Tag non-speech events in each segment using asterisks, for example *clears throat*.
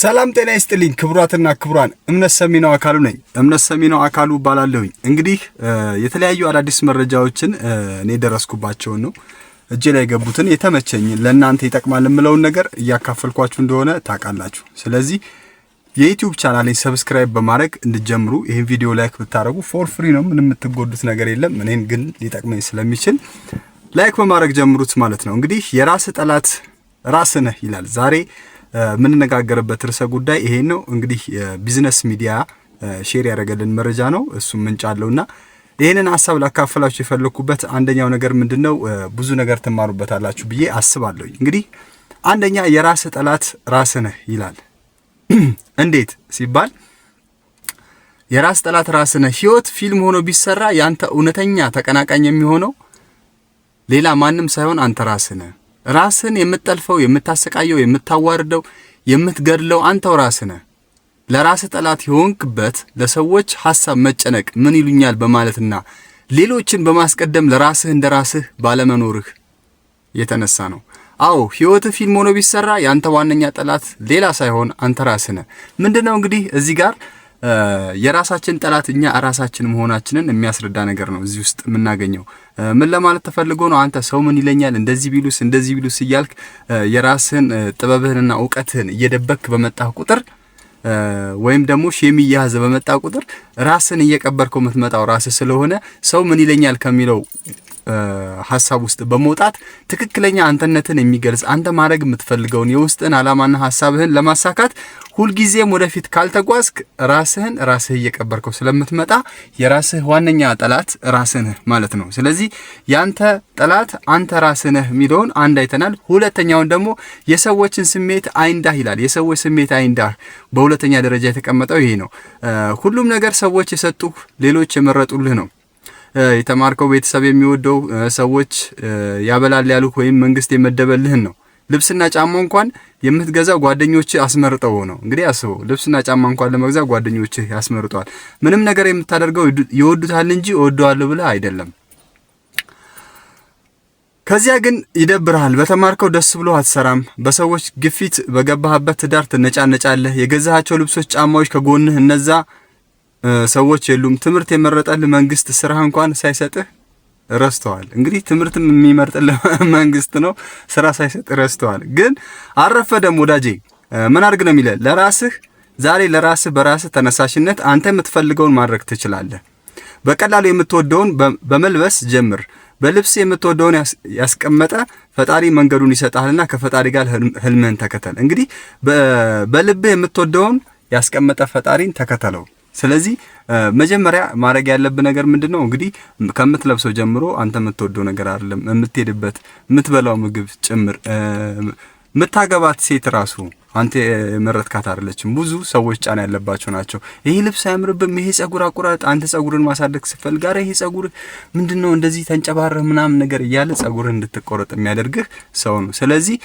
ሰላም ጤና ይስጥልኝ ክቡራትና ክቡራን፣ እምነት ሰሚነው አካሉ ነኝ። እምነት ሰሚነው አካሉ እባላለሁኝ። እንግዲህ የተለያዩ አዳዲስ መረጃዎችን እኔ ደረስኩባቸውን ነው እጄ ላይ የገቡትን የተመቸኝን ለእናንተ ይጠቅማል የምለውን ነገር እያካፈልኳችሁ እንደሆነ ታውቃላችሁ። ስለዚህ የዩቲዩብ ቻናሌን ሰብስክራይብ በማድረግ እንድጀምሩ ይህን ቪዲዮ ላይክ ብታደረጉ ፎር ፍሪ ነው። ምን የምትጎዱት ነገር የለም። እኔን ግን ሊጠቅመኝ ስለሚችል ላይክ በማድረግ ጀምሩት ማለት ነው። እንግዲህ የራስ ጠላት ራስ ነህ ይላል ዛሬ የምንነጋገርበት ርዕሰ ጉዳይ ይሄን ነው። እንግዲህ ቢዝነስ ሚዲያ ሼር ያደረገልን መረጃ ነው። እሱም ምንጭ አለውና ይህንን ሀሳብ ላካፈላችሁ የፈለኩበት አንደኛው ነገር ምንድን ነው? ብዙ ነገር ትማሩበታላችሁ ብዬ አስባለሁ። እንግዲህ አንደኛ የራስ ጠላት ራስ ነህ ይላል። *clears throat* እንዴት ሲባል የራስ ጠላት ራስ ነህ። ህይወት ፊልም ሆኖ ቢሰራ ያንተ እውነተኛ ተቀናቃኝ የሚሆነው ሌላ ማንም ሳይሆን አንተ ራስ ነህ። ራስን የምትጠልፈው የምታሰቃየው፣ የምታዋርደው፣ የምትገድለው አንተው ራስነ ለራስ ለራስህ ጠላት የሆንክበት ለሰዎች ሐሳብ መጨነቅ ምን ይሉኛል በማለትና ሌሎችን በማስቀደም ለራስህ እንደ ራስህ ባለመኖርህ የተነሳ ነው። አዎ ህይወት ፊልም ሆኖ ቢሰራ የአንተ ዋነኛ ጠላት ሌላ ሳይሆን አንተ ራስህ ነህ። ምንድነው እንግዲህ እዚህ ጋር የራሳችን ጠላት እኛ ራሳችን መሆናችንን የሚያስረዳ ነገር ነው እዚህ ውስጥ የምናገኘው። ምን ለማለት ተፈልጎ ነው? አንተ ሰው ምን ይለኛል፣ እንደዚህ ቢሉስ፣ እንደዚህ ቢሉስ እያልክ የራስህን ጥበብህንና እውቀትህን እየደበክ በመጣህ ቁጥር ወይም ደግሞ ሼም እየያዘ በመጣ ቁጥር ራስን እየቀበርከው የምትመጣው ራስህ ስለሆነ ሰው ምን ይለኛል ከሚለው ሀሳብ ውስጥ በመውጣት ትክክለኛ አንተነትን የሚገልጽ አንተ ማድረግ የምትፈልገውን የውስጥን አላማና ሀሳብህን ለማሳካት ሁልጊዜም ወደፊት ካልተጓዝክ ራስህን ራስህ እየቀበርከው ስለምትመጣ የራስህ ዋነኛ ጠላት ራስህ ማለት ነው። ስለዚህ ያንተ ጠላት አንተ ራስህ የሚለውን አንድ አይተናል። ሁለተኛውን ደግሞ የሰዎችን ስሜት አይንዳህ ይላል። የሰዎች ስሜት አይንዳህ በሁለተኛ ደረጃ የተቀመጠው ይሄ ነው። ሁሉም ነገር ሰዎች የሰጡህ ሌሎች የመረጡልህ ነው። የተማርከው ቤተሰብ የሚወደው ሰዎች ያበላል ያሉህ ወይም መንግስት የመደበልህን ነው። ልብስና ጫማ እንኳን የምትገዛው ጓደኞች አስመርጠው ነው። እንግዲህ አስበው፣ ልብስና ጫማ እንኳን ለመግዛት ጓደኞች ያስመርጠዋል። ምንም ነገር የምታደርገው ይወዱታል እንጂ እወደዋለሁ ብለህ አይደለም። ከዚያ ግን ይደብርሃል። በተማርከው ደስ ብሎ አትሰራም። በሰዎች ግፊት በገባህበት ትዳር ትነጫነጫለህ። የገዛሃቸው ልብሶች፣ ጫማዎች ከጎንህ እነዛ ሰዎች የሉም። ትምህርት የመረጠልህ መንግስት ስራህ እንኳን ሳይሰጥህ ረስተዋል። እንግዲህ ትምህርትም የሚመርጥልህ *laughs* መንግስት ነው፣ ስራ ሳይሰጥህ ረስተዋል። ግን አረፈደም ወዳጄ ምን አድርግ ነው የሚለህ? ለራስህ ዛሬ ለራስህ በራስህ ተነሳሽነት አንተ የምትፈልገውን ማድረግ ትችላለህ። በቀላሉ የምትወደውን በመልበስ ጀምር። በልብስ የምትወደውን ያስቀመጠ ፈጣሪ መንገዱን ይሰጣልና ከፈጣሪ ጋር ህልምህን ተከተል። እንግዲህ በልብህ የምትወደውን ያስቀመጠ ፈጣሪን ተከተለው። ስለዚህ መጀመሪያ ማድረግ ያለብህ ነገር ምንድን ነው? እንግዲህ ከምትለብሰው ጀምሮ አንተ የምትወደው ነገር አይደለም፣ የምትሄድበት፣ የምትበላው ምግብ ጭምር የምታገባት ሴት ራሱ አንተ የመረጥካት አይደለችም። ብዙ ሰዎች ጫና ያለባቸው ናቸው። ይሄ ልብስ አያምርብም፣ ይሄ ጸጉር አቁራጥ፣ አንተ ጸጉርን ማሳደግ ስትፈልግ ጋር ይሄ ጸጉር ምንድነው እንደዚህ ተንጨባረህ ምናምን ነገር እያለ ጸጉርህ እንድትቆረጥ የሚያደርግህ ሰው ነው። ስለዚህ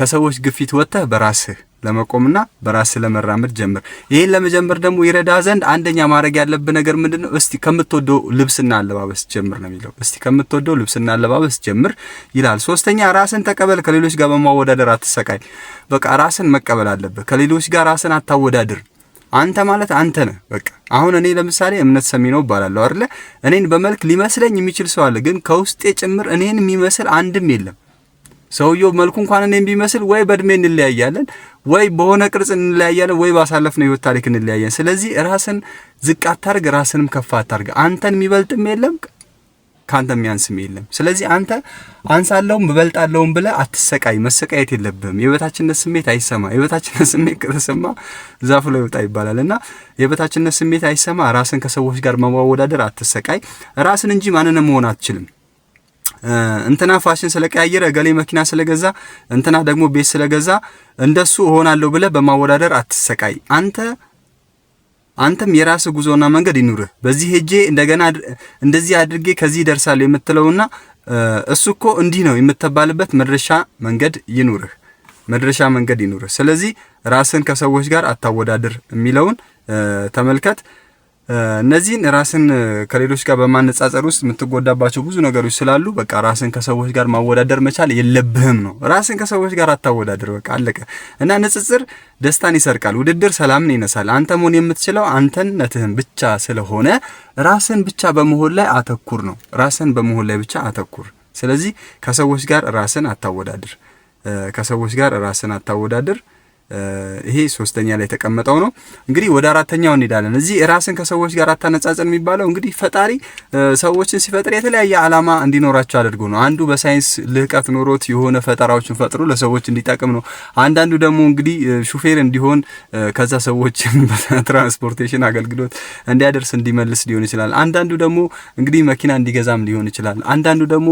ከሰዎች ግፊት ወጥተህ በራስህ ለመቆምና በራስ ለመራመድ ጀምር። ይህን ለመጀመር ደግሞ ይረዳ ዘንድ አንደኛ ማድረግ ያለብህ ነገር ምንድነው? እስቲ ከምትወደው ልብስና አለባበስ ጀምር ነው የሚለው። እስቲ ከምትወደው ልብስና አለባበስ ጀምር ይላል። ሶስተኛ ራስን ተቀበል፣ ከሌሎች ጋር በማወዳደር አትሰቃይ። በቃ ራስን መቀበል አለብህ። ከሌሎች ጋር ራስን አታወዳድር። አንተ ማለት አንተ ነህ። በቃ አሁን እኔ ለምሳሌ እምነት ሰሚ ነው እባላለሁ አይደለ? እኔን በመልክ ሊመስለኝ የሚችል ሰው አለ፣ ግን ከውስጤ ጭምር እኔን የሚመስል አንድም የለም። ሰውየው መልኩ እንኳን እኔም ቢመስል ወይ በእድሜ እንለያያለን፣ ወይ በሆነ ቅርጽ እንለያያለን፣ ወይ ነው ህይወት ታሪክ እንለያያለን። ስለዚህ ራስን ዝቅ አታርግ፣ ራስንም ከፍ አታርግ። አንተን የሚበልጥም የለም ከአንተ የሚያንስም የለም። ስለዚህ አንተ አንሳለሁም እበልጣለሁም ብለህ አትሰቃይ። መሰቃየት የለብህም። የበታችነት ስሜት አይሰማ። የበታችነት ስሜት ከተሰማ ዛፉ ላይ ወጣ ይባላል እና የበታችነት ስሜት አይሰማ። ራስን ከሰዎች ጋር መወዳደር አትሰቃይ። ራስን እንጂ ማንንም መሆን አትችልም። እንትና ፋሽን ስለቀያየረ እገሌ መኪና ስለገዛ እንትና ደግሞ ቤት ስለገዛ እንደሱ እሆናለሁ ብለህ በማወዳደር አትሰቃይ። አንተ አንተም የራስ ጉዞና መንገድ ይኑርህ። በዚህ ሄጄ እንደገና እንደዚህ አድርጌ ከዚህ ደርሳለሁ የምትለውና እሱ እኮ እንዲህ ነው የምትባልበት መድረሻ መንገድ ይኑርህ፣ መድረሻ መንገድ ይኑርህ። ስለዚህ ራስን ከሰዎች ጋር አታወዳድር የሚለውን ተመልከት። እነዚህን ራስን ከሌሎች ጋር በማነጻጸር ውስጥ የምትጎዳባቸው ብዙ ነገሮች ስላሉ በቃ ራስን ከሰዎች ጋር ማወዳደር መቻል የለብህም ነው። ራስን ከሰዎች ጋር አታወዳደር፣ በቃ አለቀ። እና ንጽጽር ደስታን ይሰርቃል፣ ውድድር ሰላምን ይነሳል። አንተ መሆን የምትችለው አንተነትህን ብቻ ስለሆነ ራስን ብቻ በመሆን ላይ አተኩር ነው። ራስን በመሆን ላይ ብቻ አተኩር። ስለዚህ ከሰዎች ጋር ራስን አታወዳድር፣ ከሰዎች ጋር ራስን አታወዳድር። ይሄ ሶስተኛ ላይ የተቀመጠው ነው። እንግዲህ ወደ አራተኛው እንሄዳለን። እዚህ ራስን ከሰዎች ጋር አታነጻጽር የሚባለው እንግዲህ ፈጣሪ ሰዎችን ሲፈጥር የተለያየ ዓላማ እንዲኖራቸው አድርጎ ነው። አንዱ በሳይንስ ልህቀት ኖሮት የሆነ ፈጠራዎችን ፈጥሮ ለሰዎች እንዲጠቅም ነው። አንዳንዱ ደግሞ እንግዲህ ሹፌር እንዲሆን ከዛ ሰዎችን በትራንስፖርቴሽን *laughs* አገልግሎት እንዲያደርስ እንዲመልስ ሊሆን ይችላል። አንዳንዱ ደግሞ እንግዲህ መኪና እንዲገዛም ሊሆን ይችላል። አንዳንዱ ደግሞ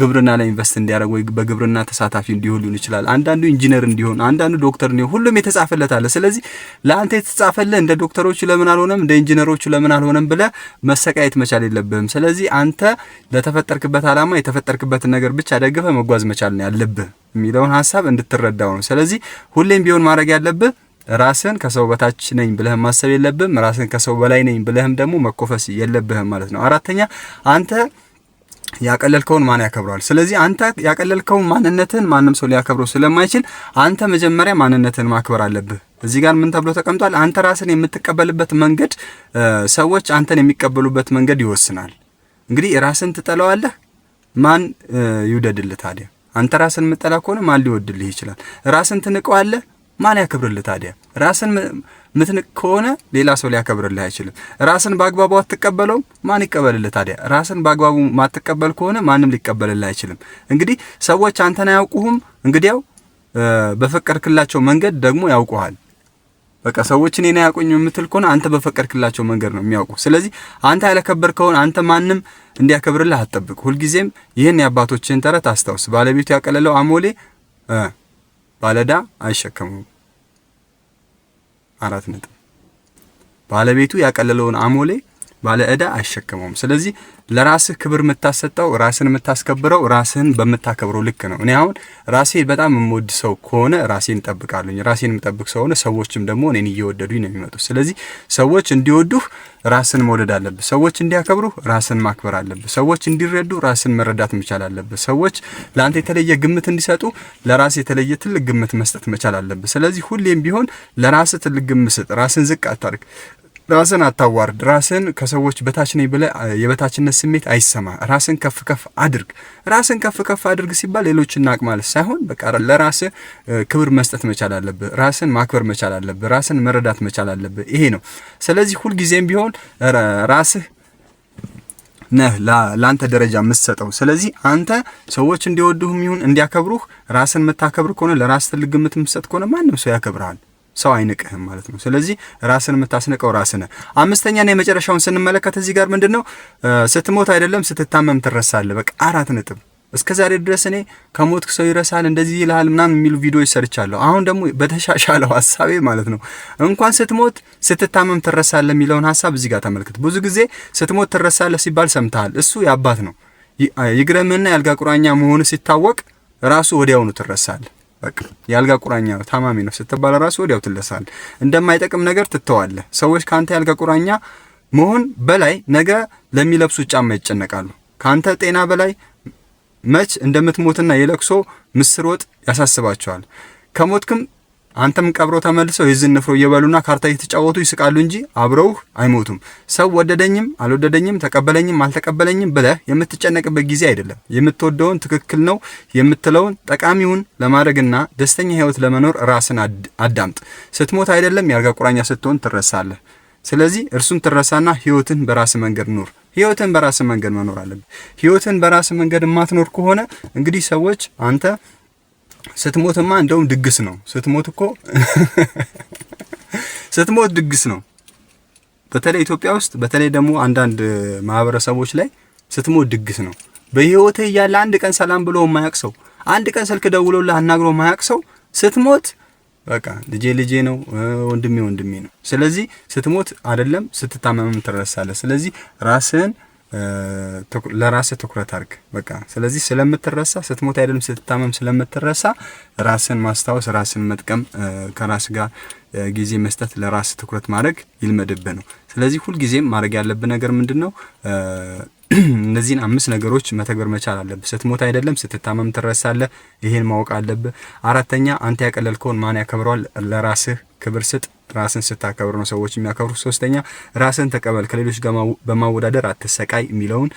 ግብርና ላይ ኢንቨስት እንዲያደርግ ወይ በግብርና ተሳታፊ እንዲሆን ሊሆን ይችላል። አንዳንዱ ኢንጂነር እንዲሆን፣ አንዳንዱ ዶክተር ነው፣ ሁሉም የተጻፈለት አለ። ስለዚህ ለአንተ የተጻፈለት እንደ ዶክተሮቹ ለምን አልሆነም፣ እንደ ኢንጂነሮቹ ለምን አልሆነም ብለህ መሰቃየት መቻል የለብህም። ስለዚህ አንተ ለተፈጠርክበት ዓላማ የተፈጠርክበትን ነገር ብቻ ደግፈህ መጓዝ መቻል ነው ያለብህ የሚለውን ሀሳብ እንድትረዳው ነው። ስለዚህ ሁሌም ቢሆን ማድረግ ያለብህ ራስን ከሰው በታች ነኝ ብለህም ማሰብ የለብህም። ራስን ከሰው በላይ ነኝ ብለህም ደግሞ መኮፈስ የለብህም ማለት ነው። አራተኛ አንተ ያቀለልከውን ማን ያከብረዋል? ስለዚህ አንተ ያቀለልከውን ማንነትን ማንም ሰው ሊያከብረው ስለማይችል አንተ መጀመሪያ ማንነትን ማክበር አለብህ። እዚህ ጋር ምን ተብሎ ተቀምጧል? አንተ ራስን የምትቀበልበት መንገድ ሰዎች አንተን የሚቀበሉበት መንገድ ይወስናል። እንግዲህ ራስን ትጠላዋለህ፣ ማን ይውደድልህ ታዲያ? አንተ ራስን የምጠላ ከሆነ ማን ሊወድልህ ይችላል? ራስን ትንቀዋለህ ማን ያከብርልህ ታዲያ? ራስን ምትንቅ ከሆነ ሌላ ሰው ሊያከብርልህ አይችልም። ራስን በአግባቡ አትቀበለው ማን ይቀበልልህ ታዲያ? ራስን በአግባቡ ማትቀበል ከሆነ ማንም ሊቀበልልህ አይችልም። እንግዲህ ሰዎች አንተን አያውቁህም፣ እንግዲያው በፈቀድክላቸው መንገድ ደግሞ ያውቁሃል። በቃ ሰዎች እኔን አያውቁኝ የምትል ከሆነ አንተ በፈቀድክላቸው መንገድ ነው የሚያውቁ። ስለዚህ አንተ ያለከበር ከሆነ አንተ ማንም እንዲያከብርልህ አትጠብቅ። ሁልጊዜም ይህን የአባቶችን ተረት አስታውስ። ባለቤቱ ያቀለለው አሞሌ ባለዳ አይሸከመውም። አራት ነጥብ ባለቤቱ ያቀለለውን አሞሌ ባለ እዳ አይሸከመውም። ስለዚህ ለራስህ ክብር የምታሰጠው ራስን የምታስከብረው ራስህን በምታከብረው ልክ ነው። እኔ አሁን ራሴ በጣም የምወድ ሰው ከሆነ ራሴን እጠብቃለሁኝ። ራሴን የምጠብቅ ሰው ሆነ ሰዎችም ደግሞ እኔን እየወደዱኝ ነው የሚመጡት። ስለዚህ ሰዎች እንዲወዱህ ራስን መውደድ አለብህ። ሰዎች እንዲያከብሩህ ራስን ማክበር አለብህ። ሰዎች እንዲረዱ ራስን መረዳት መቻል አለብህ። ሰዎች ለአንተ የተለየ ግምት እንዲሰጡ ለራስ የተለየ ትልቅ ግምት መስጠት መቻል አለብህ። ስለዚህ ሁሌም ቢሆን ለራስ ትልቅ ግምት ስጥ። ራስን ዝቅ አታርግ። ራስን አታዋርድ። ራስን ከሰዎች በታች ነኝ ብለህ የበታችነት ስሜት አይሰማ። ራስን ከፍ ከፍ አድርግ። ራስን ከፍ ከፍ አድርግ ሲባል ሌሎችን ናቅ ማለት ሳይሆን በቃ ለራስ ክብር መስጠት መቻል አለብህ። ራስን ማክበር መቻል አለብህ። ራስን መረዳት መቻል አለብህ። ይሄ ነው። ስለዚህ ሁልጊዜም ቢሆን ራስህ ነህ ለአንተ ደረጃ የምትሰጠው። ስለዚህ አንተ ሰዎች እንዲወዱህም ይሁን እንዲያከብሩህ ራስን የምታከብር ከሆነ ለራስ ትልቅ ግምት የምትሰጥ ከሆነ ማንም ሰው ያከብርሃል። ሰው አይንቅህም ማለት ነው። ስለዚህ ራስን የምታስንቀው ራስነ። አምስተኛና የመጨረሻውን ስንመለከት እዚህ ጋር ምንድን ነው ስትሞት አይደለም ስትታመም ትረሳለህ። በቃ አራት ነጥብ። እስከ ዛሬ ድረስ እኔ ከሞት ሰው ይረሳል እንደዚህ ይልሃል ምናምን የሚሉ ቪዲዮ ይሰርቻለሁ። አሁን ደግሞ በተሻሻለው ሀሳቤ ማለት ነው እንኳን ስትሞት ስትታመም ትረሳለህ የሚለውን ሀሳብ እዚህ ጋር ተመልክት። ብዙ ጊዜ ስትሞት ትረሳለህ ሲባል ሰምተሃል። እሱ የአባት ነው። ይግረምና የአልጋ ቁራኛ መሆኑ ሲታወቅ ራሱ ወዲያውኑ ትረሳለህ። በቃ የአልጋ ቁራኛ ነው ታማሚ ነው ስትባል ራሱ ወዲያው ትለሳል። እንደማይጠቅም ነገር ትተዋለ ሰዎች ካንተ የአልጋ ቁራኛ መሆን በላይ ነገ ለሚለብሱት ጫማ ይጨነቃሉ። ካንተ ጤና በላይ መች እንደምትሞትና የለቅሶ ምስር ወጥ ያሳስባቸዋል። ከሞትክም አንተም ቀብሮ ተመልሰው የዝን ንፍሮ እየበሉና ካርታ እየተጫወቱ ይስቃሉ እንጂ አብረውህ አይሞቱም። ሰው ወደደኝም አልወደደኝም ተቀበለኝም አልተቀበለኝም ብለህ የምትጨነቅበት ጊዜ አይደለም። የምትወደውን ትክክል ነው የምትለውን ጠቃሚውን ለማድረግና ደስተኛ ህይወት ለመኖር ራስን አዳምጥ። ስትሞት አይደለም የአልጋ ቁራኛ ስትሆን ትረሳለህ። ስለዚህ እርሱን ትረሳና ህይወትን በራስ መንገድ ኑር። ህይወትን በራስ መንገድ መኖር አለብህ። ህይወትን በራስ መንገድ የማትኖር ከሆነ እንግዲህ ሰዎች አንተ ስትሞትማ እንደውም ድግስ ነው። ስትሞት እኮ *laughs* ስትሞት ድግስ ነው። በተለይ ኢትዮጵያ ውስጥ በተለይ ደግሞ አንዳንድ ማህበረሰቦች ላይ ስትሞት ድግስ ነው። በህይወት እያለ አንድ ቀን ሰላም ብሎ የማያውቅ ሰው፣ አንድ ቀን ስልክ ደውሎ አናግሮ የማያውቅ ሰው ስትሞት በቃ ልጄ ልጄ ነው፣ ወንድሜ ወንድሜ ነው። ስለዚህ ስትሞት አይደለም ስትታመምም ትረሳለህ። ስለዚህ ራስህን ለራስ ትኩረት አርግ በቃ ስለዚህ ስለምትረሳ ስትሞት አይደለም ስትታመም ስለምትረሳ ራስን ማስታወስ፣ ራስን መጥቀም፣ ከራስ ጋር ጊዜ መስጠት፣ ለራስ ትኩረት ማድረግ ይልመድብህ ነው። ስለዚህ ሁልጊዜም ማድረግ ያለብህ ነገር ምንድን ነው? *clears throat* እነዚህን አምስት ነገሮች መተግበር መቻል አለብህ። ስትሞት አይደለም ስትታመም ትረሳለህ። ይሄን ማወቅ አለብህ። አራተኛ አንተ ያቀለልከውን ማን ያከብረዋል? ለራስህ ክብር ስጥ። ራስን ስታከብር ነው ሰዎች የሚያከብሩ። ሶስተኛ ራስን ተቀበል፣ ከሌሎች ጋር በማወዳደር አትሰቃይ የሚለውን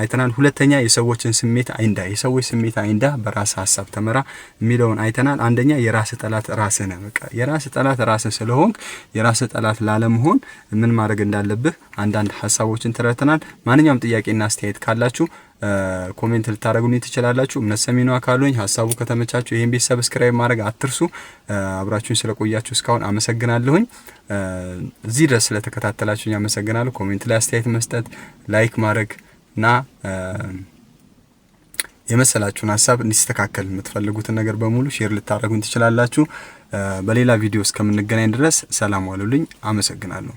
አይተናል። ሁለተኛ የሰዎችን ስሜት አይንዳ፣ የሰዎች ስሜት አይንዳ፣ በራስ ሀሳብ ተመራ የሚለውን አይተናል። አንደኛ የራስ ጠላት ራስ ነህ። በቃ የራስ ጠላት ራስ ስለሆንክ የራስ ጠላት ላለመሆን ምን ማድረግ እንዳለብህ አንዳንድ ሀሳቦችን ተረድተናል። ማንኛውም ጥያቄና አስተያየት ካላችሁ ኮሜንት ልታደረጉልኝ ትችላላችሁ። እምነት ሰሚ ነው አካሉኝ። ሀሳቡ ከተመቻችሁ ይህን ቤት ሰብስክራይብ ማድረግ አትርሱ። አብራችሁኝ ስለቆያችሁ እስካሁን አመሰግናለሁኝ። እዚህ ድረስ ስለተከታተላችሁኝ አመሰግናለሁ። ኮሜንት ላይ አስተያየት መስጠት፣ ላይክ ማድረግ እና የመሰላችሁን ሀሳብ እንዲስተካከል የምትፈልጉትን ነገር በሙሉ ሼር ልታደረጉኝ ትችላላችሁ። በሌላ ቪዲዮ እስከምንገናኝ ድረስ ሰላም ዋሉልኝ። አመሰግናለሁ።